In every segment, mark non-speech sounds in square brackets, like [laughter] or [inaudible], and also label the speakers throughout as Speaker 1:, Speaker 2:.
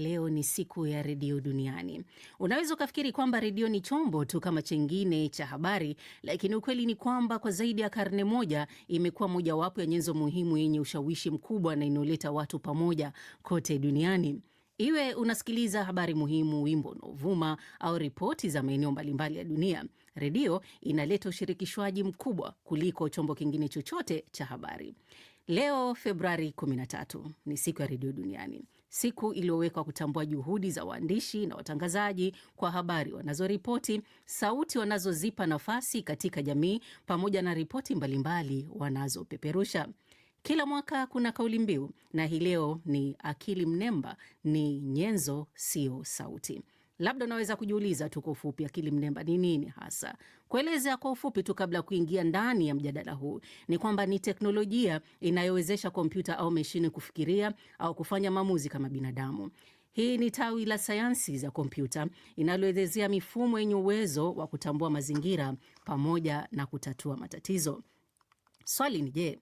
Speaker 1: Leo ni siku ya redio duniani. Unaweza ukafikiri kwamba redio ni chombo tu kama chengine cha habari, lakini ukweli ni kwamba kwa zaidi ya karne moja imekuwa mojawapo ya nyenzo muhimu yenye ushawishi mkubwa na inayoleta watu pamoja kote duniani. Iwe unasikiliza habari muhimu, wimbo unaovuma au ripoti za maeneo mbalimbali ya dunia, redio inaleta ushirikishwaji mkubwa kuliko chombo kingine chochote cha habari. Leo Februari 13 ni siku ya redio duniani siku iliyowekwa kutambua juhudi za waandishi na watangazaji kwa habari wanazoripoti, sauti wanazozipa nafasi katika jamii, pamoja na ripoti mbalimbali wanazopeperusha. Kila mwaka kuna kauli mbiu, na hii leo ni akili mnemba ni nyenzo, sio sauti labda unaweza kujiuliza tu kwa ufupi, akili mnemba ni nini hasa? Kuelezea kwa ufupi tu kabla ya kuingia ndani ya mjadala huu ni kwamba ni teknolojia inayowezesha kompyuta au mashine kufikiria au kufanya maamuzi kama binadamu. Hii ni tawi la sayansi za kompyuta inaloelezea mifumo yenye uwezo wa kutambua mazingira pamoja na kutatua matatizo. Swali ni je,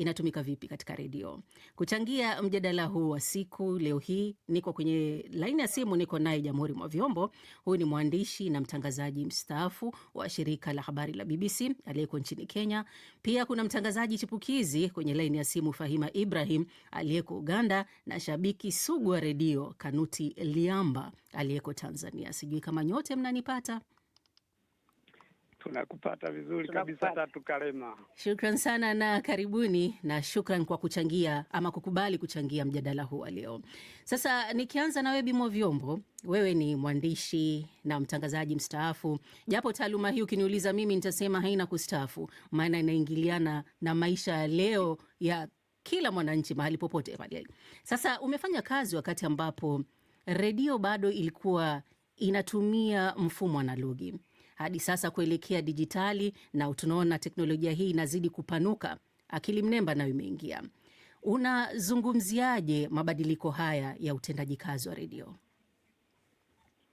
Speaker 1: inatumika vipi katika redio. Kuchangia mjadala huu wa siku leo hii, niko kwenye laini ya simu, niko naye Jamhuri mwa Vyombo. Huyu ni mwandishi na mtangazaji mstaafu wa shirika la habari la BBC aliyeko nchini Kenya. Pia kuna mtangazaji chipukizi kwenye laini ya simu Fahima Ibrahim aliyeko Uganda, na shabiki sugu wa redio Kanuti Liamba aliyeko Tanzania. Sijui kama nyote mnanipata.
Speaker 2: Tunakupata vizuri kabisa, hata tukalema.
Speaker 1: Shukran sana na karibuni, na shukran kwa kuchangia ama kukubali kuchangia mjadala huu wa leo. Sasa nikianza na wewe Bimo Vyombo, wewe ni mwandishi na mtangazaji mstaafu, japo taaluma hii ukiniuliza mimi nitasema haina kustaafu, maana inaingiliana na maisha ya leo ya kila mwananchi mahali popote pale. Sasa umefanya kazi wakati ambapo redio bado ilikuwa inatumia mfumo analogi hadi sasa kuelekea dijitali, na tunaona teknolojia hii inazidi kupanuka, akili mnemba nayo imeingia. Unazungumziaje mabadiliko haya ya utendaji kazi wa redio?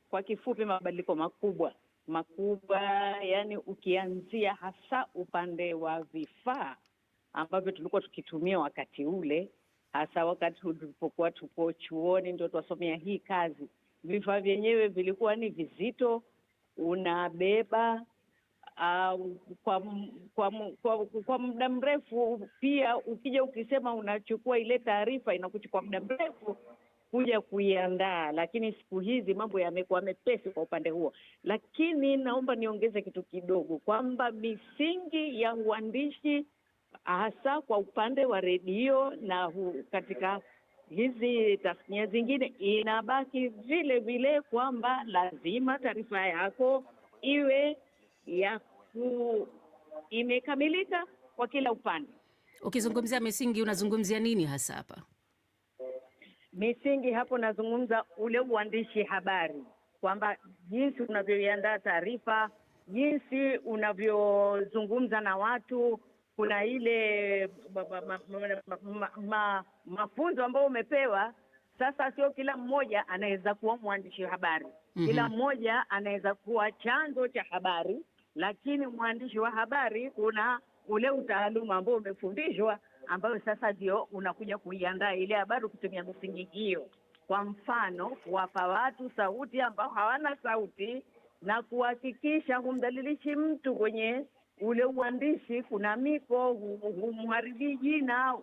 Speaker 3: Kwa kifupi, mabadiliko makubwa makubwa, yani ukianzia hasa upande wa vifaa ambavyo tulikuwa tukitumia wakati ule, hasa wakati tulipokuwa tuko chuoni ndio twasomea hii kazi, vifaa vyenyewe vilikuwa ni vizito unabeba uh, kwa, kwa, kwa, kwa muda mrefu. Pia ukija ukisema unachukua ile taarifa, inakuchukua muda mrefu kuja kuiandaa, lakini siku hizi mambo yamekuwa mepesi kwa upande huo. Lakini naomba niongeze kitu kidogo kwamba misingi ya uandishi hasa kwa upande wa redio na hu, katika hizi tasnia zingine, inabaki vile vile kwamba lazima taarifa yako iwe ya ku imekamilika kwa kila upande.
Speaker 1: Ukizungumzia misingi unazungumzia nini hasa hapa?
Speaker 3: Misingi hapo nazungumza ule uandishi habari, kwamba jinsi unavyoiandaa taarifa, jinsi unavyozungumza na watu, kuna ile mafunzo ambayo umepewa. Sasa sio kila mmoja anaweza kuwa mwandishi wa habari mm -hmm. Kila mmoja anaweza kuwa chanzo cha habari, lakini mwandishi wa habari kuna ule utaaluma ambao umefundishwa, ambayo sasa ndio unakuja kuiandaa ile habari kutumia misingi hiyo. Kwa mfano, kuwapa watu sauti ambao hawana sauti na kuhakikisha humdhalilishi mtu kwenye ule uandishi kuna miko humharibii jina,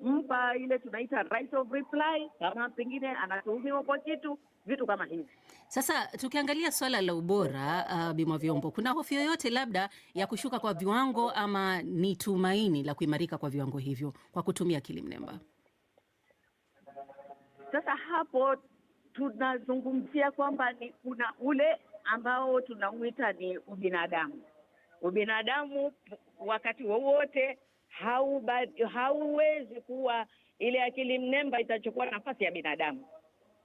Speaker 3: mpa ile tunaita right of reply, kama pengine anatuhumiwa kwa kitu, vitu kama hivi.
Speaker 1: Sasa tukiangalia swala la ubora uh, bimwa vyombo, kuna hofu yoyote labda ya kushuka kwa viwango ama ni tumaini la kuimarika kwa viwango hivyo kwa kutumia kilimnemba mnemba?
Speaker 3: Sasa hapo tunazungumzia kwamba ni kuna ule ambao tunauita ni ubinadamu Ubinadamu wakati wowote hauwezi kuwa ile akili mnemba itachukua nafasi ya binadamu.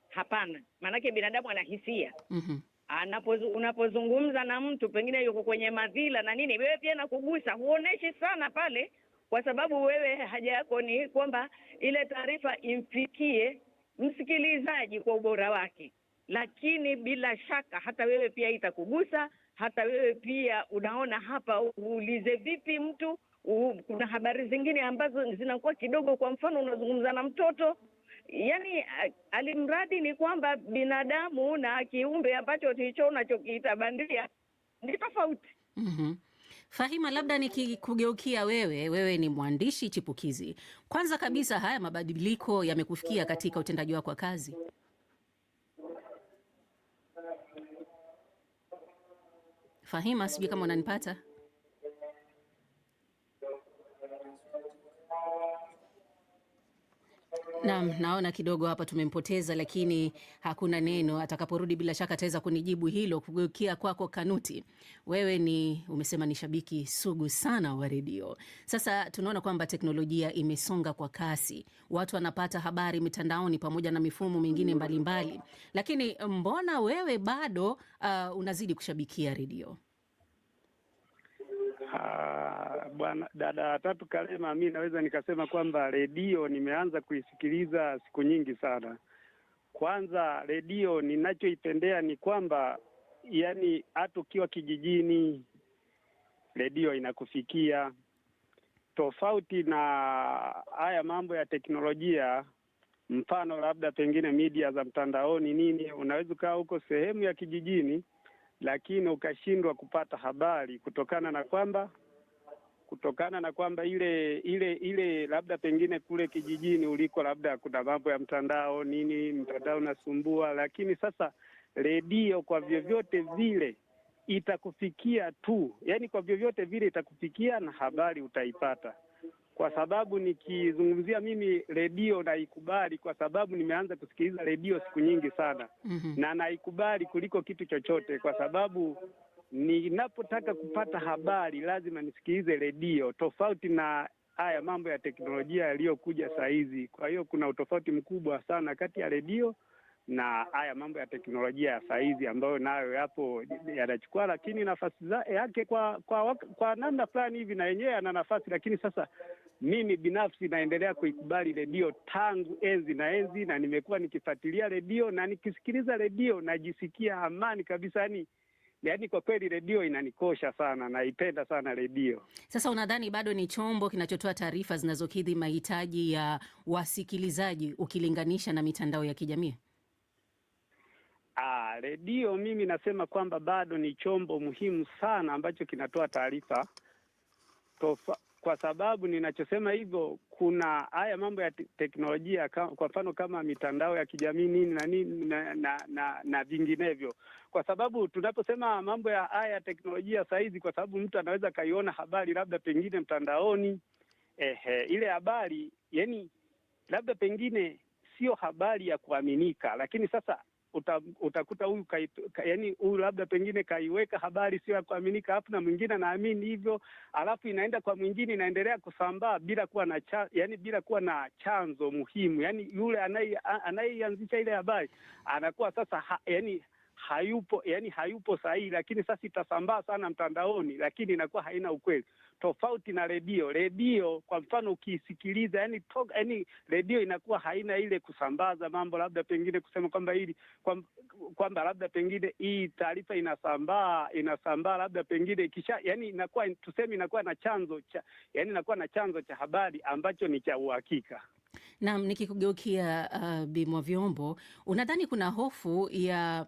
Speaker 3: Hapana, maanake binadamu ana hisia mm -hmm. Anapozu, unapozungumza na mtu pengine yuko kwenye madhila na nini, wewe pia nakugusa, huoneshi sana pale, kwa sababu wewe haja yako ni kwamba ile taarifa imfikie msikilizaji kwa ubora wake, lakini bila shaka hata wewe pia itakugusa hata wewe pia unaona hapa, uulize vipi mtu u, kuna habari zingine ambazo zinakuwa kidogo. Kwa mfano unazungumza na mtoto yani, alimradi ni kwamba binadamu na kiumbe ambacho hicho unachokiita bandia ni tofauti. mm -hmm.
Speaker 1: Fahima, labda nikikugeukia wewe, wewe ni mwandishi chipukizi. Kwanza kabisa, haya mabadiliko yamekufikia katika utendaji wako wa kazi? Fahima, sijui kama unanipata. Naam, naona kidogo hapa tumempoteza, lakini hakuna neno. Atakaporudi bila shaka ataweza kunijibu hilo. Kugeukia kwako Kanuti, wewe ni umesema ni shabiki sugu sana wa redio. Sasa tunaona kwamba teknolojia imesonga kwa kasi, watu wanapata habari mitandaoni pamoja na mifumo mingine mbalimbali mbali. Lakini mbona wewe bado uh, unazidi kushabikia redio?
Speaker 2: Ah, bwana dada Tatu Kalema, mi naweza nikasema kwamba redio nimeanza kuisikiliza siku nyingi sana. Kwanza redio ninachoipendea ni kwamba yani, hata ukiwa kijijini redio inakufikia, tofauti na haya mambo ya teknolojia. Mfano labda pengine media za mtandaoni nini, unaweza ukawa huko sehemu ya kijijini, lakini ukashindwa kupata habari kutokana na kwamba kutokana na kwamba ile ile ile labda pengine kule kijijini uliko labda kuna mambo ya mtandao nini, mtandao unasumbua, lakini sasa redio kwa vyovyote vile itakufikia tu, yani kwa vyovyote vile itakufikia na habari utaipata, kwa sababu nikizungumzia mimi redio naikubali, kwa sababu nimeanza kusikiliza redio siku nyingi sana mm -hmm. na naikubali kuliko kitu chochote, kwa sababu ninapotaka kupata habari lazima nisikilize redio, tofauti na haya mambo ya teknolojia yaliyokuja saa hizi. Kwa hiyo kuna utofauti mkubwa sana kati ya redio na haya mambo ya teknolojia ya saa hizi ambayo nayo yapo yanachukua, lakini nafasi yake kwa kwa kwa namna fulani hivi, na yenyewe ana nafasi. Lakini sasa mimi binafsi naendelea kuikubali redio tangu enzi na enzi, na nimekuwa nikifuatilia redio na nikisikiliza redio najisikia amani kabisa, yani yaani kwa kweli redio inanikosha sana, naipenda sana redio.
Speaker 1: Sasa unadhani bado ni chombo kinachotoa taarifa zinazokidhi mahitaji ya wasikilizaji ukilinganisha na mitandao ya kijamii?
Speaker 2: Ah, redio mimi nasema kwamba bado ni chombo muhimu sana ambacho kinatoa taarifa kwa sababu ninachosema hivyo, kuna haya mambo ya teknolojia kama, kwa mfano kama mitandao ya kijamii nini na nini na, na, na, na vinginevyo, kwa sababu tunaposema mambo ya haya ya teknolojia sahizi, kwa sababu mtu anaweza akaiona habari labda pengine mtandaoni ehe, ile habari yani labda pengine sio habari ya kuaminika, lakini sasa uta, utakuta huyu yani huyu labda pengine kaiweka habari sio ya kuaminika, alafu na mwingine anaamini hivyo, alafu inaenda kwa mwingine, inaendelea kusambaa bila kuwa na cha, yani bila kuwa na chanzo muhimu. yani yule anayeianzisha ile habari anakuwa sasa ha, yani hayupo, yani hayupo sahihi, lakini sasa itasambaa sana mtandaoni, lakini inakuwa haina ukweli tofauti na redio. Redio kwa mfano ukiisikiliza, yani yani redio inakuwa haina ile kusambaza mambo, labda pengine kusema kwamba hili kwamba kwa labda pengine hii taarifa inasambaa inasambaa labda pengine ikisha, yani inakuwa tuseme, inakuwa na chanzo cha yani inakuwa na chanzo cha habari ambacho ni cha uhakika.
Speaker 1: Naam, nikikugeukia uh, Bi Mwavyombo, unadhani kuna hofu ya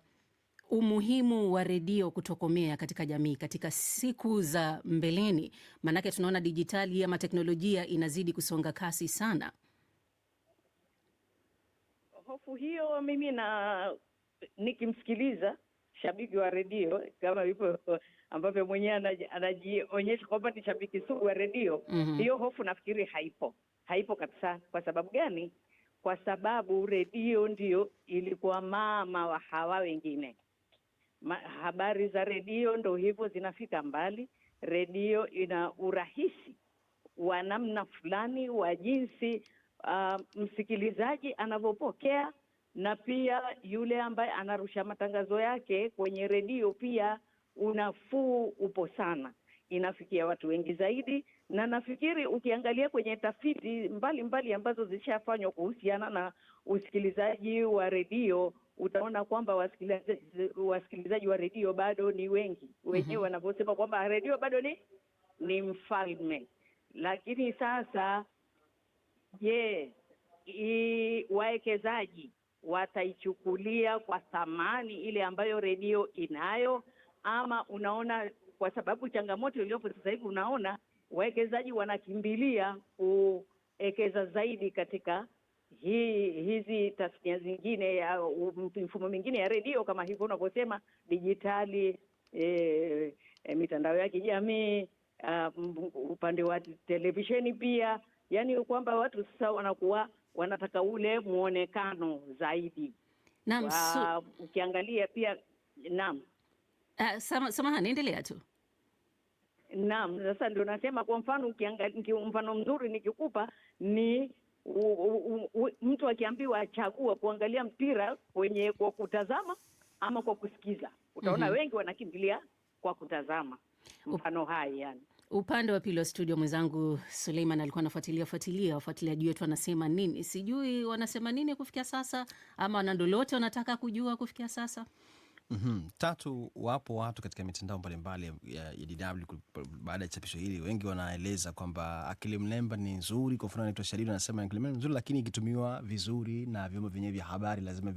Speaker 1: umuhimu wa redio kutokomea katika jamii katika siku za mbeleni? Maanake tunaona dijitali ama teknolojia inazidi kusonga kasi sana.
Speaker 3: Hofu hiyo mimi na nikimsikiliza shabiki wa redio kama ivo ambavyo mwenyewe anajionyesha kwamba ni shabiki sugu wa redio mm -hmm. Hiyo hofu nafikiri haipo, haipo kabisa. Kwa sababu gani? Kwa sababu redio ndio ilikuwa mama wa hawa wengine ma, habari za redio ndo hivyo zinafika mbali. Redio ina urahisi wa namna fulani wa jinsi uh, msikilizaji anavyopokea na pia yule ambaye anarusha matangazo yake kwenye redio pia unafuu upo sana, inafikia watu wengi zaidi. Na nafikiri ukiangalia kwenye tafiti mbalimbali mbali ambazo zishafanywa kuhusiana na usikilizaji wa redio utaona kwamba wasikilizaji wasikilizaji wa redio bado ni wengi mhm. wenyewe, mm -hmm. wanavyosema kwamba redio bado ni ni mfalme. Lakini sasa, je, wawekezaji wataichukulia kwa thamani ile ambayo redio inayo, ama unaona, kwa sababu changamoto iliyopo sasa hivi, unaona wawekezaji wanakimbilia kuwekeza zaidi katika hii hizi tasnia zingine ya mifumo mingine ya redio kama hivyo unavyosema dijitali, e, e, mitandao ya kijamii uh, upande wa televisheni pia, yaani kwamba watu sasa wanakuwa wanataka ule mwonekano zaidi. Naam, ukiangalia pia naam.
Speaker 1: Uh, samahani endelea tu.
Speaker 3: Naam, sasa ndio nasema, kwa mfano mfano mzuri nikikupa ni u, u, u, mtu akiambiwa achague kuangalia mpira kwenye kwa kutazama ama kwa kusikiza, utaona mm -hmm. wengi wanakimbilia kwa kutazama, mfano hai yani
Speaker 1: upande wa pili wa studio mwenzangu Suleiman alikuwa anafuatilia fuatilia, wafuatiliaji wetu wanasema nini, sijui wanasema nini kufikia sasa, ama wanandolote wanataka kujua kufikia sasa.
Speaker 4: Mm -hmm. Tatu, wapo watu katika mitandao mbalimbali ya DW baada ya chapisho hili, wengi wanaeleza kwamba akili mnemba ni nzuri. Kwa mfano, anaitwa Shadidi anasema akili mnemba nzuri, lakini ikitumiwa vizuri na vyombo vyenyewe vya habari lazima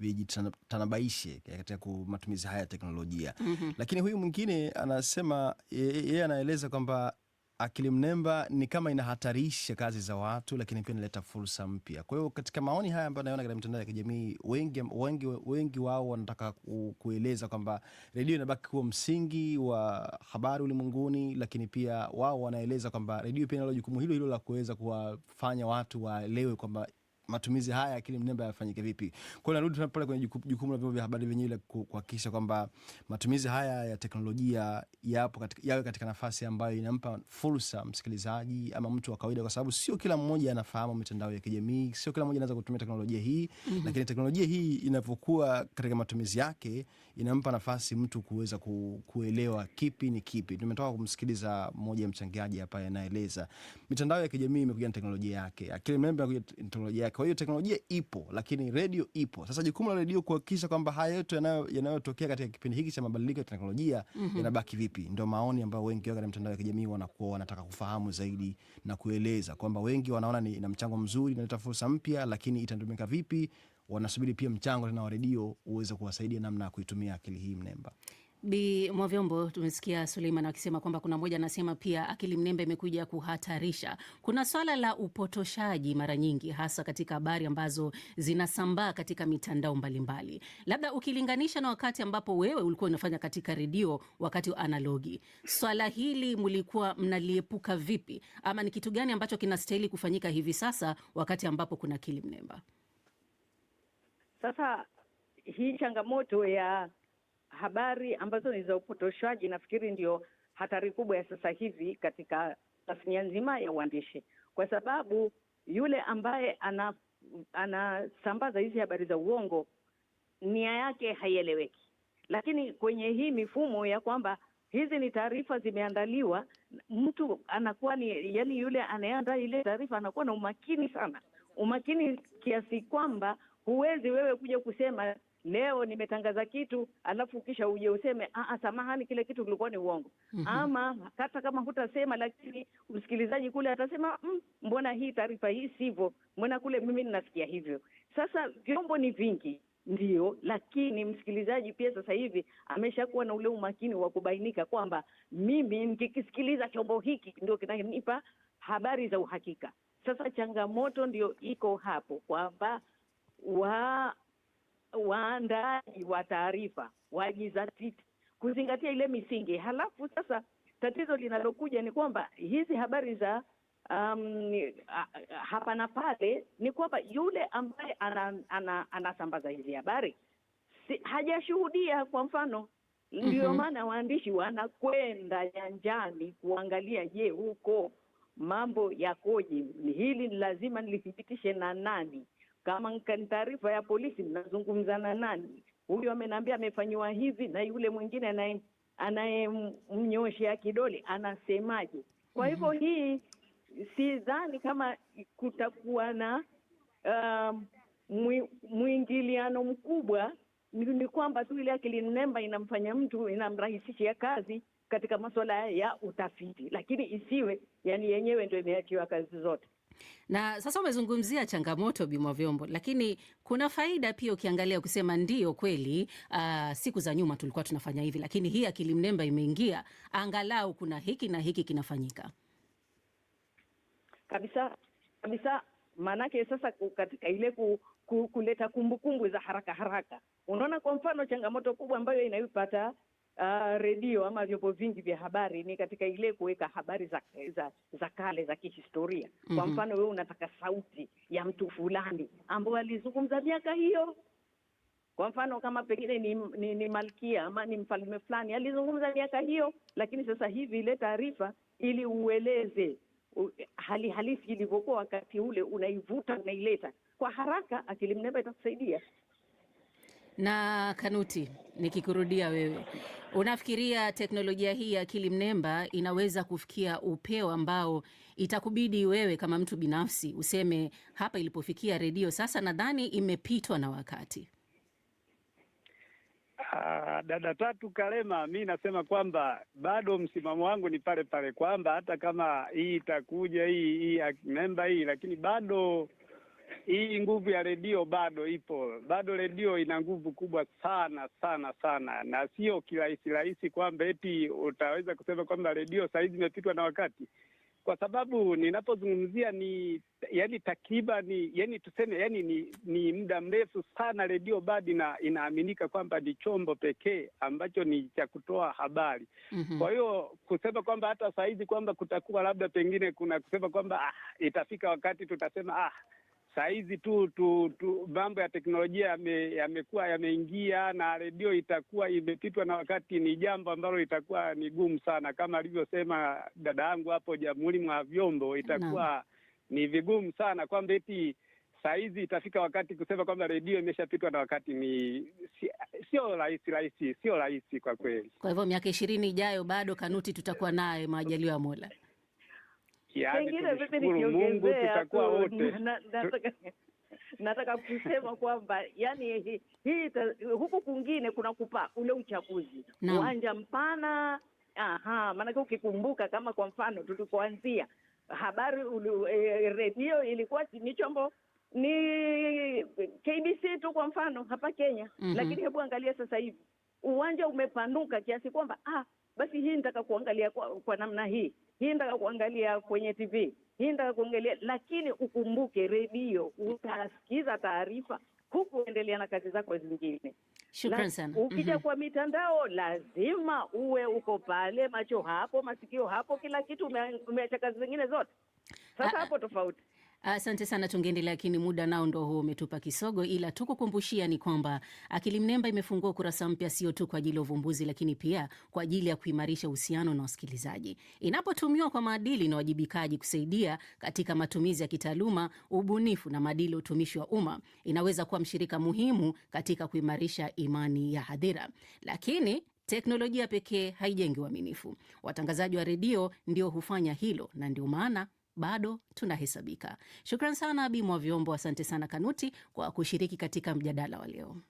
Speaker 4: vijitanabaishe katika matumizi haya ya teknolojia. mm -hmm. Lakini huyu mwingine anasema yeye anaeleza kwamba akili mnemba ni kama inahatarisha kazi za watu, lakini pia inaleta fursa mpya. Kwa hiyo katika maoni haya ambayo naona katika mitandao ya kijamii, wengi, wengi, wengi wao wanataka kueleza kwamba redio inabaki kuwa msingi wa habari ulimwenguni, lakini pia wao wanaeleza kwamba redio pia inalo jukumu hilo hilo la kuweza kuwafanya watu waelewe kwamba matumizi haya ya akili mnemba yafanyike vipi. Kwa hiyo narudi tena pale kwenye jukumu la vyombo vya habari vyenyewe kuhakikisha kwamba matumizi haya ya teknolojia yapo katika, yawe katika nafasi ambayo inampa fursa msikilizaji ama mtu wa kawaida, kwa sababu sio kila mmoja anafahamu mitandao ya kijamii, sio kila mmoja anaweza kutumia teknolojia hii mm -hmm. Lakini teknolojia hii inapokuwa katika matumizi yake inampa nafasi mtu kuweza ku, kuelewa kipi ni kipi. Tumetoka kumsikiliza mmoja ya mchangiaji hapa, anaeleza mitandao ya kijamii imekuja na teknolojia yake, akili mnemba imekuja na teknolojia yake kwa hiyo teknolojia ipo, lakini redio ipo. Sasa jukumu la redio kuhakikisha kwamba haya yote yanayotokea katika kipindi hiki cha mabadiliko ya teknolojia mm -hmm. yanabaki vipi, ndo maoni ambayo wengi katika mitandao ya kijamii wanakuwa wanataka kufahamu zaidi na kueleza kwamba wengi wanaona ni na mchango mzuri, inaleta fursa mpya, lakini itatumika vipi? Wanasubiri pia mchango tena wa redio uweze kuwasaidia namna ya kuitumia akili hii mnemba.
Speaker 1: Bi Mwavyombo, tumesikia Suleiman akisema kwamba kuna mmoja anasema pia akili mnemba imekuja kuhatarisha. Kuna swala la upotoshaji mara nyingi, hasa katika habari ambazo zinasambaa katika mitandao mbalimbali, labda ukilinganisha na wakati ambapo wewe ulikuwa unafanya katika redio wakati wa analogi. Swala hili mlikuwa mnaliepuka vipi, ama ni kitu gani ambacho kinastahili kufanyika hivi sasa wakati ambapo kuna akili mnemba?
Speaker 3: Sasa hii changamoto ya habari ambazo ni za upotoshaji, nafikiri ndio hatari kubwa ya sasa hivi katika tasnia nzima ya uandishi, kwa sababu yule ambaye ana anasambaza hizi habari za uongo nia yake haieleweki. Lakini kwenye hii mifumo ya kwamba hizi ni taarifa zimeandaliwa, mtu anakuwa ni yani, yule anayeandaa ile taarifa anakuwa na umakini sana, umakini kiasi kwamba huwezi wewe kuja kusema leo nimetangaza kitu alafu kisha uje useme ah, ah samahani, kile kitu kilikuwa ni uongo. mm -hmm. Ama hata kama hutasema, lakini msikilizaji kule atasema mm, mbona hii taarifa hii sivyo, mbona kule mimi ninasikia hivyo. Sasa vyombo ni vingi ndio, lakini msikilizaji pia sasa hivi ameshakuwa na ule umakini wa kubainika kwamba mimi nikikisikiliza chombo hiki ndio kinanipa habari za uhakika. Sasa changamoto ndio iko hapo kwamba wa waandaaji wa taarifa wajizatiti kuzingatia ile misingi. Halafu sasa tatizo linalokuja ni kwamba hizi habari za um, hapa na pale ni kwamba yule ambaye anasambaza ana, ana hizi habari si, hajashuhudia kwa mfano ndio mm -hmm. Maana waandishi wanakwenda nyanjani kuangalia, je, huko mambo yakoje? Hili lazima nilithibitishe na nani? Kama ni taarifa ya polisi, mnazungumzana nani? Huyu ameniambia amefanyiwa hivi, na yule mwingine anaye anayemnyoshea kidole anasemaje? Kwa mhm. hivyo mm -hmm. Hii sidhani kama kutakuwa na um, mwingiliano mkubwa. Ni kwamba tu ile akili mnemba inamfanya mtu, inamrahisishia kazi katika masuala ya utafiti, lakini isiwe yani yenyewe ndio imeachiwa kazi zote.
Speaker 1: Na sasa umezungumzia changamoto bima vyombo, lakini kuna faida pia ukiangalia ukisema ndio kweli. Uh, siku za nyuma tulikuwa tunafanya hivi, lakini hii akili mnemba imeingia, angalau kuna hiki na hiki kinafanyika
Speaker 3: kabisa kabisa. Maanake sasa katika ile ku, ku, kuleta kumbukumbu za haraka haraka, unaona, kwa mfano changamoto kubwa ambayo inayopata uh, redio ama vyombo vingi vya habari ni katika ile kuweka habari za, za, za kale za kihistoria. Kwa mm -hmm. mfano wewe unataka sauti ya mtu fulani ambayo alizungumza miaka hiyo kwa mfano kama pengine ni, ni, ni malkia ama ni mfalme fulani alizungumza miaka hiyo, lakini sasa hivi ile taarifa ili ueleze hali halisi ilivyokuwa wakati ule, unaivuta unaileta kwa haraka. Akili mnemba itakusaidia
Speaker 1: na Kanuti, nikikurudia wewe, unafikiria teknolojia hii ya akili mnemba inaweza kufikia upeo ambao itakubidi wewe kama mtu binafsi useme hapa ilipofikia redio sasa nadhani imepitwa na wakati?
Speaker 2: Uh, dada Tatu Kalema, mi nasema kwamba bado msimamo wangu ni pale pale, kwamba hata kama hii itakuja hii hii hii, lakini bado hii nguvu ya redio bado ipo, bado redio ina nguvu kubwa sana sana sana, na sio kirahisi rahisi kwamba eti utaweza kusema kwamba redio sahizi imepitwa na wakati, kwa sababu ninapozungumzia ni yani takriban yani tuseme yani ni, ni muda mrefu sana redio bado ina, inaaminika kwamba ni chombo pekee ambacho ni cha kutoa habari mm -hmm. Kwa hiyo kusema kwamba hata sahizi kwamba kutakuwa labda pengine kuna kusema kwamba ah, itafika wakati tutasema ah Saa hizi tu, tu, tu mambo ya teknolojia yamekuwa yameingia na redio itakuwa imepitwa na wakati. Ni jambo ambalo itakuwa ni gumu sana, kama alivyosema dada yangu hapo, jamhuri mwa vyombo itakuwa ni vigumu sana kwamba eti saa hizi itafika wakati kusema kwamba redio imeshapitwa na wakati, ni sio rahisi rahisi, sio rahisi kwa kweli.
Speaker 1: Kwa hivyo miaka ishirini ijayo bado kanuti tutakuwa naye majaliwa ya Mola
Speaker 2: kiavi tulishukuru Mungu, tutakuwa wote
Speaker 3: [laughs] nataka kusema kwamba yani hii huku kwingine kuna kupa ule uchaguzi uwanja mpana. Aha, maanake ukikumbuka kama kwa mfano tulikuanzia habari e, redio ilikuwa ni chombo ni KBC tu kwa mfano hapa Kenya mm -hmm. Lakini hebu angalia sasa hivi uwanja umepanuka kiasi kwamba ah, basi hii nitaka kuangalia kwa, kwa namna hii, hii nitaka kuangalia kwenye TV, hii nitaka kuangalia. Lakini ukumbuke redio, utasikiza taarifa huku endelea na kazi zako zingine.
Speaker 1: Shukran sana.
Speaker 3: Ukija mm -hmm. kwa mitandao lazima uwe uko pale, macho hapo, masikio hapo, kila kitu umeacha kazi zingine zote. Sasa hapo tofauti
Speaker 1: Asante sana tungeendelea, lakini muda nao ndo huo umetupa kisogo, ila tukukumbushia ni kwamba Akili Mnemba imefungua ukurasa mpya, sio tu kwa ajili ya uvumbuzi, lakini pia kwa ajili ya kuimarisha uhusiano na wasikilizaji. Inapotumiwa kwa maadili na wajibikaji, kusaidia katika matumizi ya kitaaluma, ubunifu na maadili ya utumishi wa umma, inaweza kuwa mshirika muhimu katika kuimarisha imani ya hadhira, lakini teknolojia pekee haijengi uaminifu. Watangazaji wa redio ndio hufanya hilo, na ndio maana bado tunahesabika. Shukran sana bimu wa Vyombo, asante sana Kanuti kwa kushiriki katika mjadala wa leo.